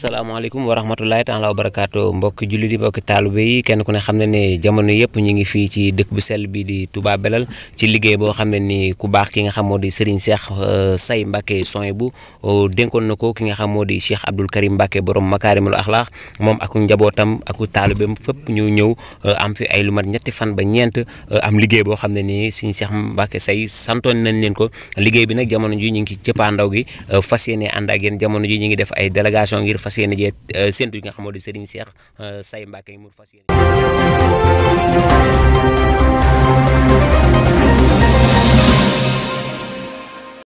asalaamaaleykum wa rahmatulahi taala wa barakaatu mbokki jullit yi mbokki taalibe yi kenn ku ne xam ne ne jamono yëpp ñu ngi fii ci dëkk bu sell bi di Touba Belel ci liggéey boo xam ne ni ku baax ki nga xam moo di Serigne Cheikh euh, Say Mbacke soñ bu euh, dénkoon na ko ki nga xam moo di Cheikh Abdoul Karim Mbacke borom makaarimul axlaax moom ak njabootam ak taalibeem fépp ñu ñëw euh, am fi ay lu mat ñetti fan ba ñeent am liggéey boo xam ne nii Serigne Cheikh Mbacke Say santoon nañ leen ko liggéey bi nag jamono ji ñu ngi ci cëppaandaw gi fas yéene ànd ak yéen jamono ji ñu ngi def ay délégation ngir fas fas yéene jee euh, séntu yi nga xamoo di Serigne Cheikh euh, Say Mbacké yi mu fas